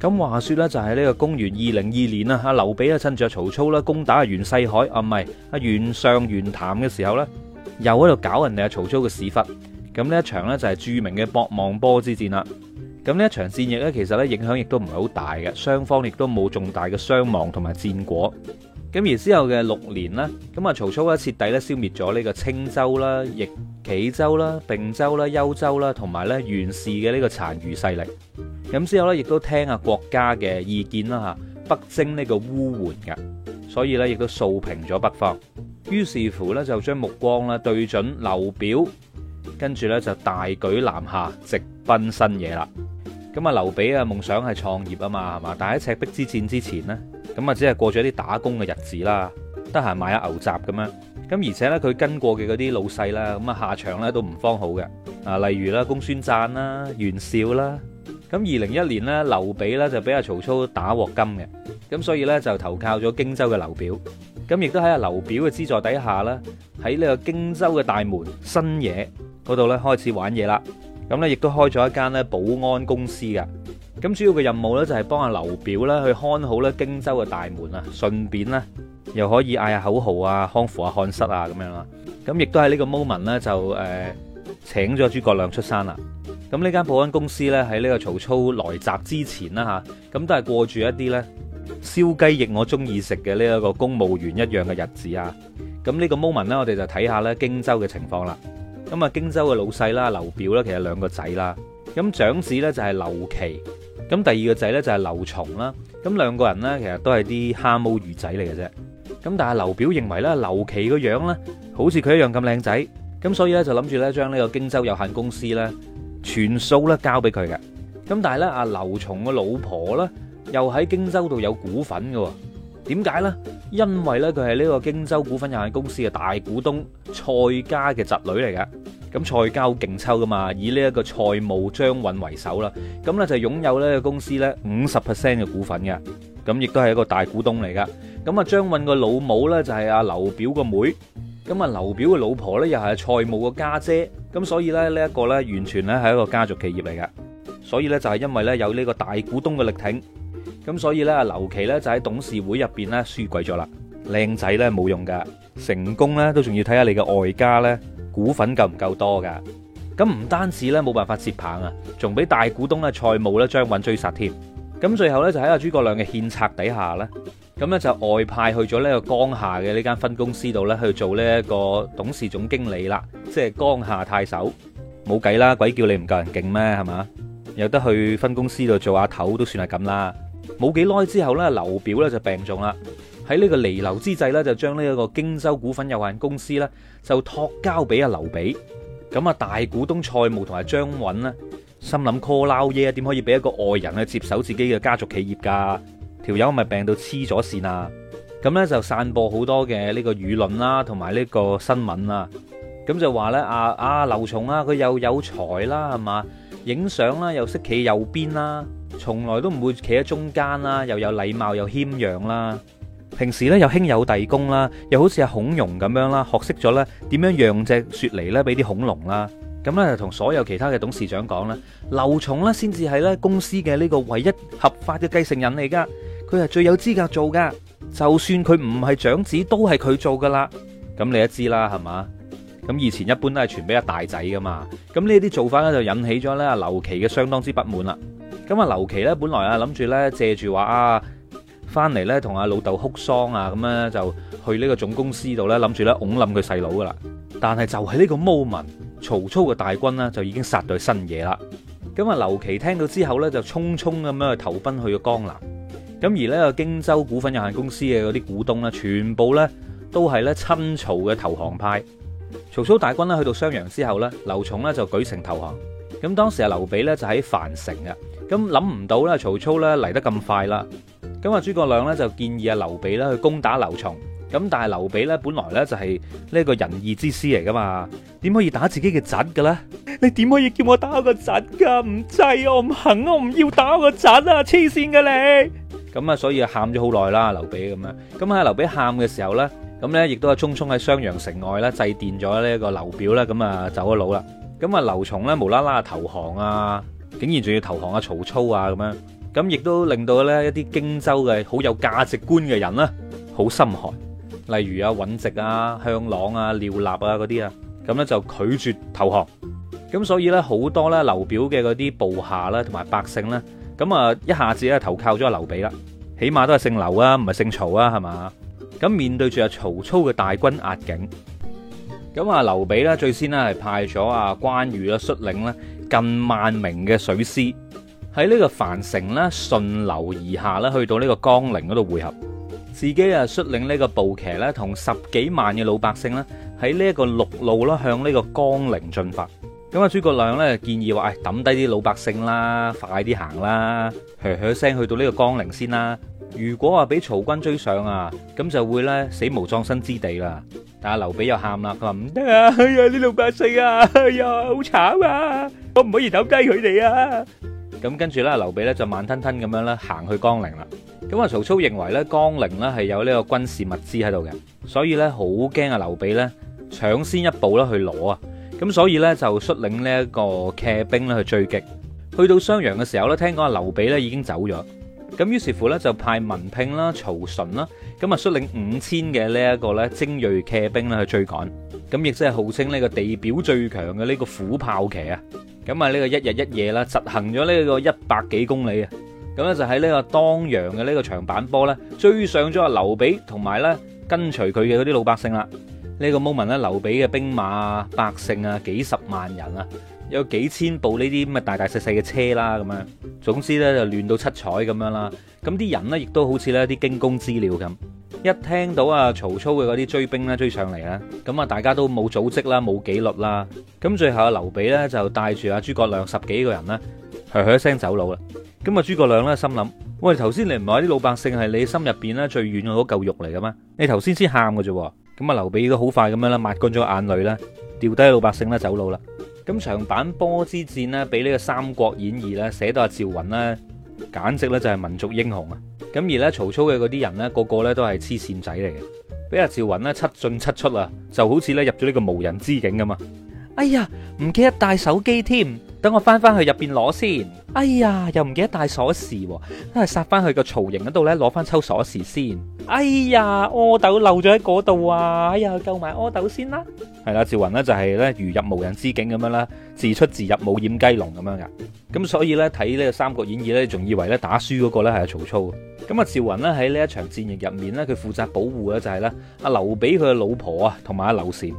咁話說咧，就係呢個公元二零二年啦，阿劉備啊趁住曹操啦攻打袁世海，啊唔係阿袁尚、袁譚嘅時候咧，又喺度搞人哋阿曹操嘅屎忽。咁呢一場咧就係著名嘅博望坡之戰啦。咁呢一場戰役咧，其實咧影響亦都唔係好大嘅，雙方亦都冇重大嘅傷亡同埋戰果。咁而之後嘅六年咧，咁啊曹操咧徹底咧消滅咗呢個青州啦，亦。冀州啦、並州啦、幽州啦，同埋咧袁氏嘅呢個殘餘勢力。咁之後咧，亦都聽下國家嘅意見啦，吓北征呢個污緩烏桓嘅，所以咧亦都掃平咗北方。於是乎咧，就將目光咧對準劉表，跟住咧就大舉南下，直奔新野啦。咁啊，劉備啊，夢想係創業啊嘛，係嘛？但係喺赤壁之戰之前呢，咁啊，只係過咗啲打工嘅日子啦，得閒買下牛雜咁樣。咁而且咧，佢跟過嘅嗰啲老細啦，咁啊下場咧都唔方好嘅。啊，例如啦，公孫瓚啦、袁紹啦，咁二零一年咧，劉備咧就俾阿曹操打鑊金嘅，咁所以咧就投靠咗荊州嘅劉表。咁亦都喺阿劉表嘅資助底下啦，喺呢個荊州嘅大門新野嗰度咧開始玩嘢啦。咁咧亦都開咗一間咧保安公司㗎。咁主要嘅任務咧就係幫阿劉表啦去看好咧荊州嘅大門啊，順便咧。又可以嗌下口號啊，康復啊，漢室啊咁樣啦。咁亦都喺呢個 moment 呢，就、呃、誒請咗諸葛亮出山啦。咁呢間保安公司呢，喺呢個曹操來襲之前啦，吓，咁都係過住一啲呢燒雞翼我中意食嘅呢一個公務員一樣嘅日子啊。咁、這、呢個 moment 呢，我哋就睇下呢荊州嘅情況啦。咁啊，荊州嘅老細啦，劉表啦，其實兩個仔啦。咁長子呢，就係劉琦，咁第二個仔呢，就係劉琮啦。咁兩個人呢，其實都係啲蝦毛魚仔嚟嘅啫。咁但係劉表認為咧，劉琦個樣咧，好似佢一樣咁靚仔，咁所以咧就諗住咧，將呢個荊州有限公司咧，全數咧交俾佢嘅。咁但係咧，阿劉琮個老婆咧，又喺荊州度有股份噶。點解咧？因為咧，佢係呢個荊州股份有限公司嘅大股東蔡家嘅侄女嚟嘅。咁蔡家好勁抽噶嘛，以呢一個蔡瑁、張允為首啦，咁咧就擁有呢個公司咧五十 percent 嘅股份嘅，咁亦都係一個大股東嚟噶咁啊，張允個老母咧就係阿劉表個妹，咁啊劉表嘅老婆咧又係阿蔡瑁個家姐，咁所以咧呢一個咧完全咧係一個家族企業嚟噶。所以咧就係因為咧有呢個大股東嘅力挺，咁所以咧劉琦咧就喺董事會入邊咧輸鬼咗啦，靚仔咧冇用噶，成功咧都仲要睇下你嘅外家咧股份夠唔夠多噶，咁唔單止咧冇辦法接棒啊，仲俾大股東咧蔡瑁咧張允追殺添，咁最後咧就喺阿諸葛亮嘅獻策底下咧。咁咧就外派去咗呢個江夏嘅呢間分公司度咧去做呢一個董事總經理啦，即係江夏太守，冇計啦，鬼叫你唔夠人勁咩？係嘛，有得去分公司度做阿頭都算係咁啦。冇幾耐之後咧，劉表咧就病重啦。喺呢個彌留之際咧，就將呢一個荊州股份有限公司咧就託交俾阿劉備。咁啊，大股東蔡瑁同埋張允咧，心諗 call 撈嘢啊，點可以俾一個外人去接手自己嘅家族企業噶？條友咪病到黐咗線啊！咁呢就散播好多嘅呢個輿論啦，同埋呢個新聞啦。咁就話呢，啊啊，劉琮啊，佢又有才啦，係嘛，影相啦，又識企右邊啦，從來都唔會企喺中間啦，又有禮貌又謙讓啦。平時呢，又兄友弟恭啦，又好似阿孔融咁樣啦，學識咗呢，點樣讓隻雪梨呢？俾啲恐龍啦。咁咧就同所有其他嘅董事長講啦，劉琮咧先至係咧公司嘅呢個唯一合法嘅繼承人嚟噶，佢係最有資格做噶，就算佢唔係長子都係佢做噶啦。咁你都知啦，係嘛？咁以前一般都係傳俾阿大仔噶嘛。咁呢啲做法咧就引起咗咧劉琦嘅相當之不滿啦。咁啊劉琦咧本來啊諗住咧借住話啊翻嚟咧，同阿老豆哭喪啊咁咧就去呢個總公司度咧諗住咧拱冧佢細佬噶啦，但係就喺呢個 moment。曹操嘅大軍呢，就已經殺到新野啦。咁啊，劉琦聽到之後呢，就匆匆咁樣去投奔去個江南。咁而呢個荊州股份有限公司嘅嗰啲股東呢，全部呢都係呢親曹嘅投降派。曹操大軍呢，去到襄陽之後呢，劉琮呢就舉城投降。咁當時啊，劉備呢就喺樊城啊。咁諗唔到呢，曹操呢嚟得咁快啦。咁啊，諸葛亮呢就建議啊，劉備呢去攻打劉琮。咁但係劉備咧，本來咧就係呢一個仁義之師嚟噶嘛，點可以打自己嘅侄噶咧？你點可以叫我打個侄噶？唔制啊，唔行，我唔要打個侄啊！黐線噶你！咁啊，所以啊喊咗好耐啦，劉備咁樣。咁喺劉備喊嘅時候咧，咁咧亦都係匆匆喺襄陽城外咧祭奠咗呢一個劉表啦，咁啊走咗佬啦。咁啊，劉琮咧無啦啦投降啊，竟然仲要投降啊曹操啊咁樣。咁亦都令到咧一啲荊州嘅好有價值觀嘅人咧，好心寒。例如啊，穩直啊，向朗啊，廖立啊嗰啲啊，咁咧就拒絕投降，咁所以咧好多咧劉表嘅嗰啲部下啦，同埋百姓啦，咁啊一下子咧投靠咗劉備啦，起碼都係姓劉啊，唔係姓曹啊，係嘛？咁面對住啊曹操嘅大軍壓境，咁啊劉備呢最先呢係派咗啊關羽啦率領咧近萬名嘅水師喺呢個樊城呢順流而下啦，去到呢個江陵嗰度匯合。自己啊率領呢個步騎咧，同十幾萬嘅老百姓咧，喺呢一個陸路啦向呢個江陵進發。咁啊，諸葛亮咧建議話：哎抌低啲老百姓啦，快啲行啦，噓噓聲去到呢個江陵先啦。如果話俾曹軍追上啊，咁就會咧死無葬身之地啦。但係劉備又喊啦，佢話唔得啊！哎呀，啲老百姓啊，哎呀，好慘啊！我唔可以抌低佢哋啊！咁跟住咧，劉備咧就慢吞吞咁樣咧行去江陵啦。咁啊，曹操認為咧江陵咧係有呢個軍事物資喺度嘅，所以咧好驚啊！劉備咧搶先一步啦去攞啊，咁所以咧就率領呢一個騎兵咧去追擊。去到襄陽嘅時候咧，聽講啊劉備咧已經走咗，咁於是乎咧就派文聘啦、曹純啦，咁啊率領五千嘅呢一個咧精銳騎兵咧去追趕，咁亦即係號稱呢個地表最強嘅呢個虎豹騎啊，咁啊呢個一日一夜啦，執行咗呢個一百幾公里啊。咁咧就喺呢個當陽嘅呢個長坂坡咧，追上咗阿劉備，同埋咧跟隨佢嘅嗰啲老百姓啦。呢個 moment 咧，劉備嘅兵馬百姓啊，幾十萬人啊，有幾千部呢啲咁嘅大大細細嘅車啦，咁樣，總之咧就亂到七彩咁樣啦。咁啲人咧亦都好似咧啲驚弓之鳥咁，一聽到阿曹操嘅嗰啲追兵咧追上嚟咧，咁啊大家都冇組織啦，冇紀律啦。咁最後阿劉備咧就帶住阿諸葛亮十幾個人咧，噓噓一聲走佬啦。咁啊，諸葛亮咧心諗，喂，頭先你唔係話啲老百姓係你心入邊咧最軟嗰嚿肉嚟嘅咩？你頭先先喊嘅啫。咁啊，劉備都好快咁樣啦，抹乾咗眼淚啦，掉低老百姓啦，走佬啦。咁長坂坡之戰呢，俾呢個三國演義咧寫到阿趙雲呢，簡直咧就係民族英雄啊！咁而咧曹操嘅嗰啲人呢，個個咧都係黐線仔嚟嘅，俾阿趙雲呢七進七出啊，就好似咧入咗呢個無人之境噶嘛。哎呀，唔記得帶手機添。等我翻翻去入邊攞先，哎呀，又唔記得帶鎖匙，啊，真係殺翻去個曹營嗰度呢。攞翻抽鎖匙先。哎呀，阿斗漏咗喺嗰度啊，哎呀，救埋阿斗先啦。係啦，趙雲呢就係呢，如入無人之境咁樣啦，自出自入冇掩雞籠咁樣噶。咁所以呢，睇呢個三國演義呢，仲以為呢打輸嗰個呢係曹操。咁啊，趙雲呢，喺呢一場戰役入面呢，佢負責保護嘅就係呢阿劉備佢嘅老婆啊，同埋阿劉禪。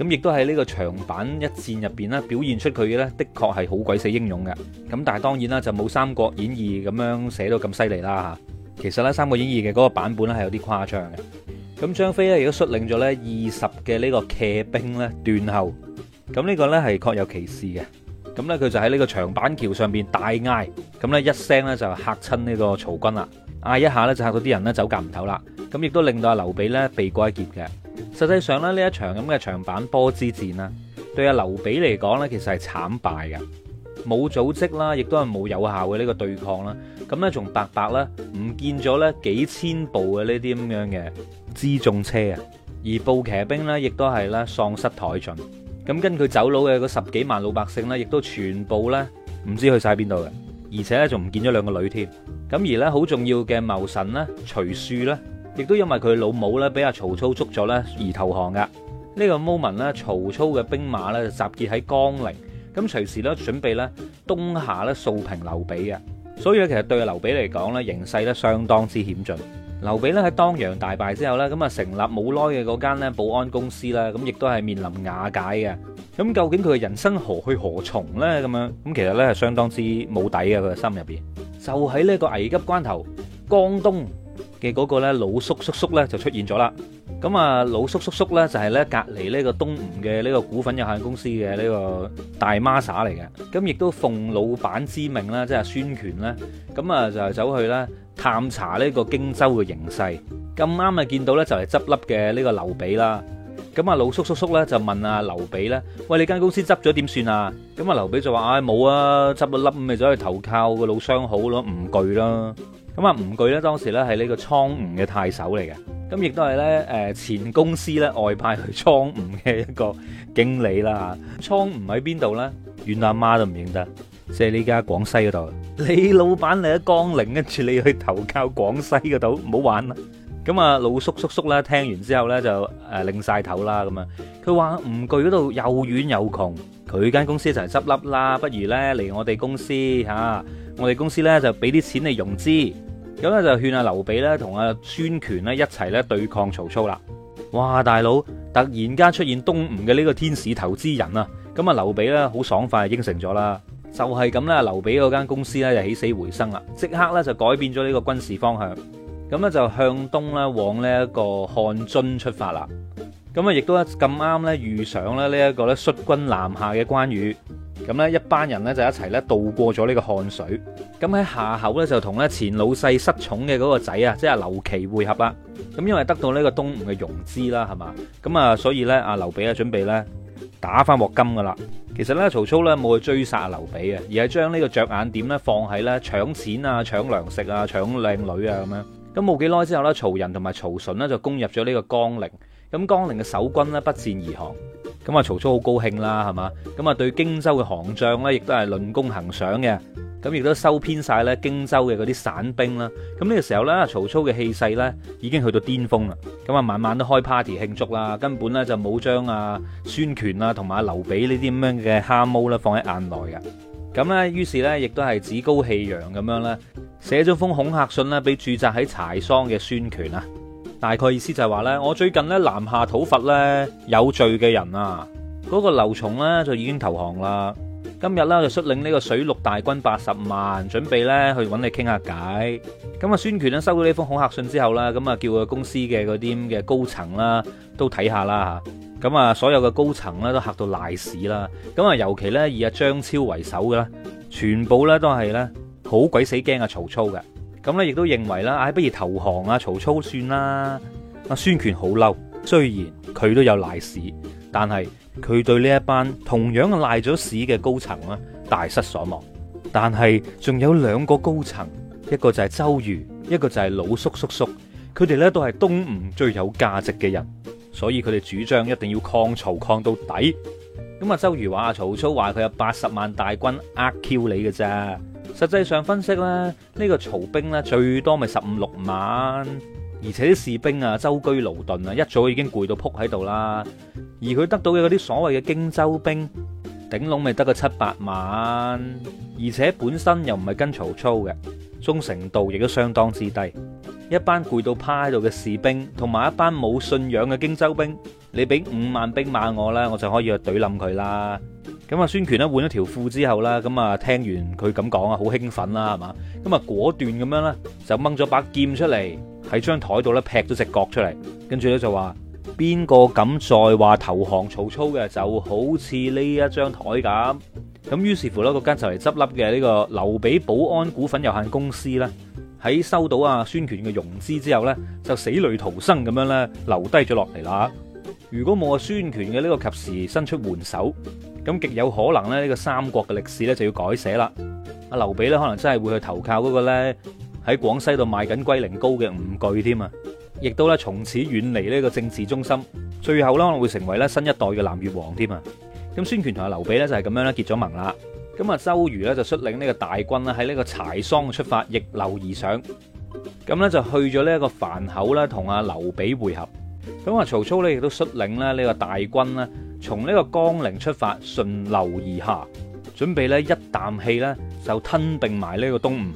咁亦都喺呢個長坂一戰入邊呢，表現出佢呢的確係好鬼死英勇嘅。咁但係當然啦，就冇《三國演義》咁樣寫到咁犀利啦嚇。其實呢，《三國演義》嘅嗰個版本呢係有啲誇張嘅。咁張飛呢亦都率領咗呢二十嘅呢個騎兵呢斷後。咁呢個呢係確有其事嘅。咁呢，佢就喺呢個長坂橋上邊大嗌，咁呢，一聲呢就嚇親呢個曹軍啦。嗌一下呢，就嚇到啲人呢走夾唔唞啦。咁亦都令到阿劉備呢避過一劫嘅。實際上咧，呢一場咁嘅長坂坡之戰啦，對阿劉備嚟講呢，其實係慘敗嘅，冇組織啦，亦都係冇有效嘅呢個對抗啦。咁呢，仲白白啦，唔見咗呢幾千部嘅呢啲咁樣嘅輜重車啊，而步騎兵呢，亦都係呢喪失殆盡。咁跟佢走佬嘅嗰十幾萬老百姓呢，亦都全部呢唔知去晒邊度嘅，而且呢，仲唔見咗兩個女添。咁而呢，好重要嘅謀臣呢徐庶呢。亦都因為佢老母咧，俾阿曹操捉咗咧而投降噶。呢個 moment 咧，曹操嘅兵馬咧就集結喺江陵，咁隨時咧準備咧東下咧掃平劉備啊。所以咧，其實對劉備嚟講咧，形勢咧相當之險峻。劉備咧喺當陽大敗之後咧，咁啊成立冇耐嘅嗰間咧保安公司啦，咁亦都係面臨瓦解嘅。咁究竟佢嘅人生何去何從呢？咁樣咁其實咧係相當之冇底嘅，佢嘅心入邊。就喺呢個危急關頭，江東嘅嗰個咧魯肅叔叔咧就出現咗啦，咁啊魯肅叔叔咧就係咧隔離呢個東吳嘅呢個股份有限公司嘅呢個大媽撒嚟嘅，咁亦都奉老闆之命啦，即係孫權咧，咁啊就係走去咧探查呢個荊州嘅形勢，咁啱啊見到咧就嚟執笠嘅呢個劉備啦，咁啊魯肅叔叔咧就問啊劉備咧，喂你間公司執咗點算啊？咁啊劉備就話唉，冇啊執咗笠咁咪走去投靠個老相好咯，吳據啦。咁啊吳巨咧當時咧係呢個蒼梧嘅太守嚟嘅，咁亦都係咧誒，前公司咧外派去蒼梧嘅一個經理啦吓。蒼梧喺邊度咧？遠阿媽都唔認得，即係依家廣西嗰度。李老闆你喺江寧，跟住你去投靠廣西嗰度，唔好玩啦。咁啊老叔叔叔咧聽完之後咧就誒，擰晒頭啦咁啊，佢話吳巨嗰度又遠又窮，佢間公司就係執笠啦，不如咧嚟我哋公司吓。我哋公司呢，就俾啲錢嚟融資，咁咧就勸阿劉備呢，同阿孫權呢一齊咧對抗曹操啦。哇，大佬突然間出現東吳嘅呢個天使投資人啊！咁啊，劉備呢，好爽快就應承咗啦，就係咁啦。劉備嗰間公司咧就起死回生啦，即刻咧就改變咗呢個軍事方向，咁咧就向東咧往呢一個漢津出發啦。咁啊，亦都咁啱咧遇上咧呢一個咧率軍南下嘅關羽。咁呢一班人呢，就一齊呢渡過咗呢個漢水，咁喺夏口呢，就同呢前老細失寵嘅嗰個仔啊，即係劉琦會合啦。咁因為得到呢個東吳嘅融資啦，係嘛，咁啊所以呢，阿劉備啊準備呢打翻鑊金噶啦。其實呢，曹操呢冇去追殺劉備啊，而係將呢個着眼點呢放喺呢搶錢啊、搶糧食啊、搶靚女啊咁樣。咁冇幾耐之後呢，曹仁同埋曹純呢就攻入咗呢個江陵，咁江陵嘅守軍呢，不戰而降。咁啊、這個，曹操好高興啦，係嘛？咁啊，對荊州嘅行將咧，亦都係論功行賞嘅。咁亦都收編晒咧荊州嘅嗰啲散兵啦。咁呢個時候咧，曹操嘅氣勢咧已經去到巔峰啦。咁啊，晚晚都開 party 慶祝啦，根本咧就冇將阿孫權啦同埋阿劉備呢啲咁樣嘅蝦毛啦放喺眼內嘅。咁咧，於是咧亦都係趾高氣揚咁樣啦，寫咗封恐嚇信呢俾駐紮喺柴桑嘅孫權啊！大概意思就係話呢，我最近咧南下討伐呢，有罪嘅人啊，嗰、那個劉琮呢，就已經投降啦。今日呢，就率領呢個水陸大軍八十萬，準備呢去揾你傾下偈。咁啊，孫權呢，收到呢封恐嚇信之後啦，咁啊叫佢公司嘅嗰啲嘅高層啦都睇下啦吓。咁啊，所有嘅高層呢，都嚇到賴屎啦。咁啊，尤其呢，以阿張超為首嘅啦，全部呢，都係呢，好鬼死驚啊曹操嘅。咁咧，亦都認為啦，唉，不如投降啊！曹操算啦，阿孫權好嬲。雖然佢都有賴屎，但係佢對呢一班同樣嘅賴咗屎嘅高層大失所望。但係仲有兩個高層，一個就係周瑜，一個就係魯肅叔叔。佢哋咧都係東吳最有價值嘅人，所以佢哋主張一定要抗曹抗到底。咁啊，周瑜話，阿曹操話佢有八十萬大軍，呃 Q 你嘅咋？實際上分析咧，呢個曹兵咧最多咪十五六萬，而且啲士兵啊周居勞頓啊，一早已經攰到撲喺度啦。而佢得到嘅嗰啲所謂嘅荊州兵，頂籠咪得個七八萬，而且本身又唔係跟曹操嘅忠誠度亦都相當之低。一班攰到趴喺度嘅士兵，同埋一班冇信仰嘅荊州兵，你俾五萬兵馬我啦，我就可以去懟冧佢啦。咁啊！孫權咧換咗條褲之後啦，咁啊，聽完佢咁講啊，好興奮啦，係嘛？咁啊，果斷咁樣咧，就掹咗把劍出嚟喺張台度咧，劈咗隻角出嚟，跟住咧就話邊個敢再話投降曹操嘅，就好似呢一張台咁。咁於是乎呢嗰間就嚟執笠嘅呢個劉備保安股份有限公司咧，喺收到啊孫權嘅融資之後咧，就死裡逃生咁樣咧，留低咗落嚟啦。如果冇啊孫權嘅呢個及時伸出援手，咁極有可能呢個三國嘅歷史就要改寫啦。劉備可能真係會去投靠嗰個呢喺廣西度賣緊龜苓膏嘅吳巨添啊，亦都從此遠離呢個政治中心，最後呢可能會成為新一代嘅南越王添啊。咁孫權同劉備就係咁樣結咗盟啦，咁周瑜就率領呢個大軍喺呢個柴桑出發逆流而上，從呢個江陵出發，順流而下，準備咧一啖氣咧就吞併埋呢個東吳。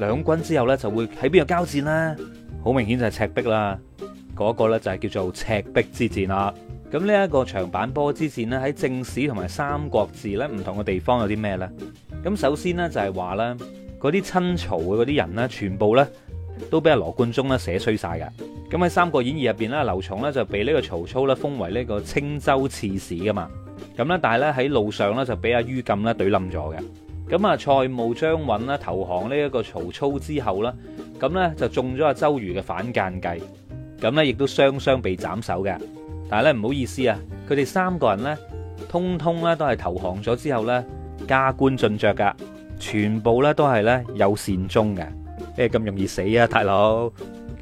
兩軍之後咧就會喺邊度交戰咧？好明顯就係赤壁啦，嗰個咧就係叫做赤壁之戰啦。咁呢一個長坂坡之戰咧喺正史同埋《三國志》咧唔同嘅地方有啲咩咧？咁首先咧就係話咧嗰啲親曹嘅嗰啲人咧全部咧都俾阿羅貫中咧寫衰晒噶。咁喺《三國演義》入邊咧，劉琮咧就被呢個曹操咧封為呢個青州刺史噶嘛。咁咧，但係咧喺路上咧就俾阿于禁咧懟冧咗嘅。咁啊，蔡瑁、張允啦投降呢一個曹操之後啦，咁咧就中咗阿周瑜嘅反間計。咁咧亦都雙雙被斬首嘅。但係咧唔好意思啊，佢哋三個人咧，通通咧都係投降咗之後咧加官進爵噶，全部咧都係咧有善終嘅。咩、哎、咁容易死啊，大佬？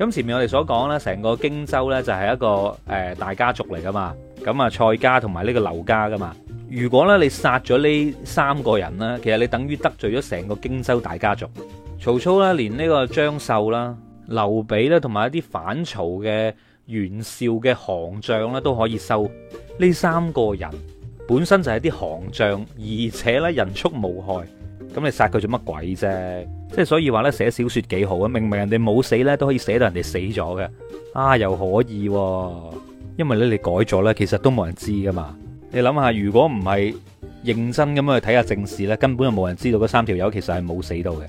咁前面我哋所講咧，成個荊州咧就係一個誒大家族嚟噶嘛，咁啊蔡家同埋呢個劉家噶嘛。如果咧你殺咗呢三個人咧，其實你等於得罪咗成個荊州大家族。曹操咧連呢個張繡啦、劉備咧同埋一啲反曹嘅袁紹嘅降將咧都可以收。呢三個人本身就係啲降將，而且咧人畜無害。咁你殺佢做乜鬼啫？即係所以話呢，寫小說幾好啊！明明人哋冇死呢，都可以寫到人哋死咗嘅。啊，又可以、啊，因為呢你改咗呢，其實都冇人知噶嘛。你諗下，如果唔係認真咁去睇下正史呢，根本就冇人知道嗰三條友其實係冇死到嘅。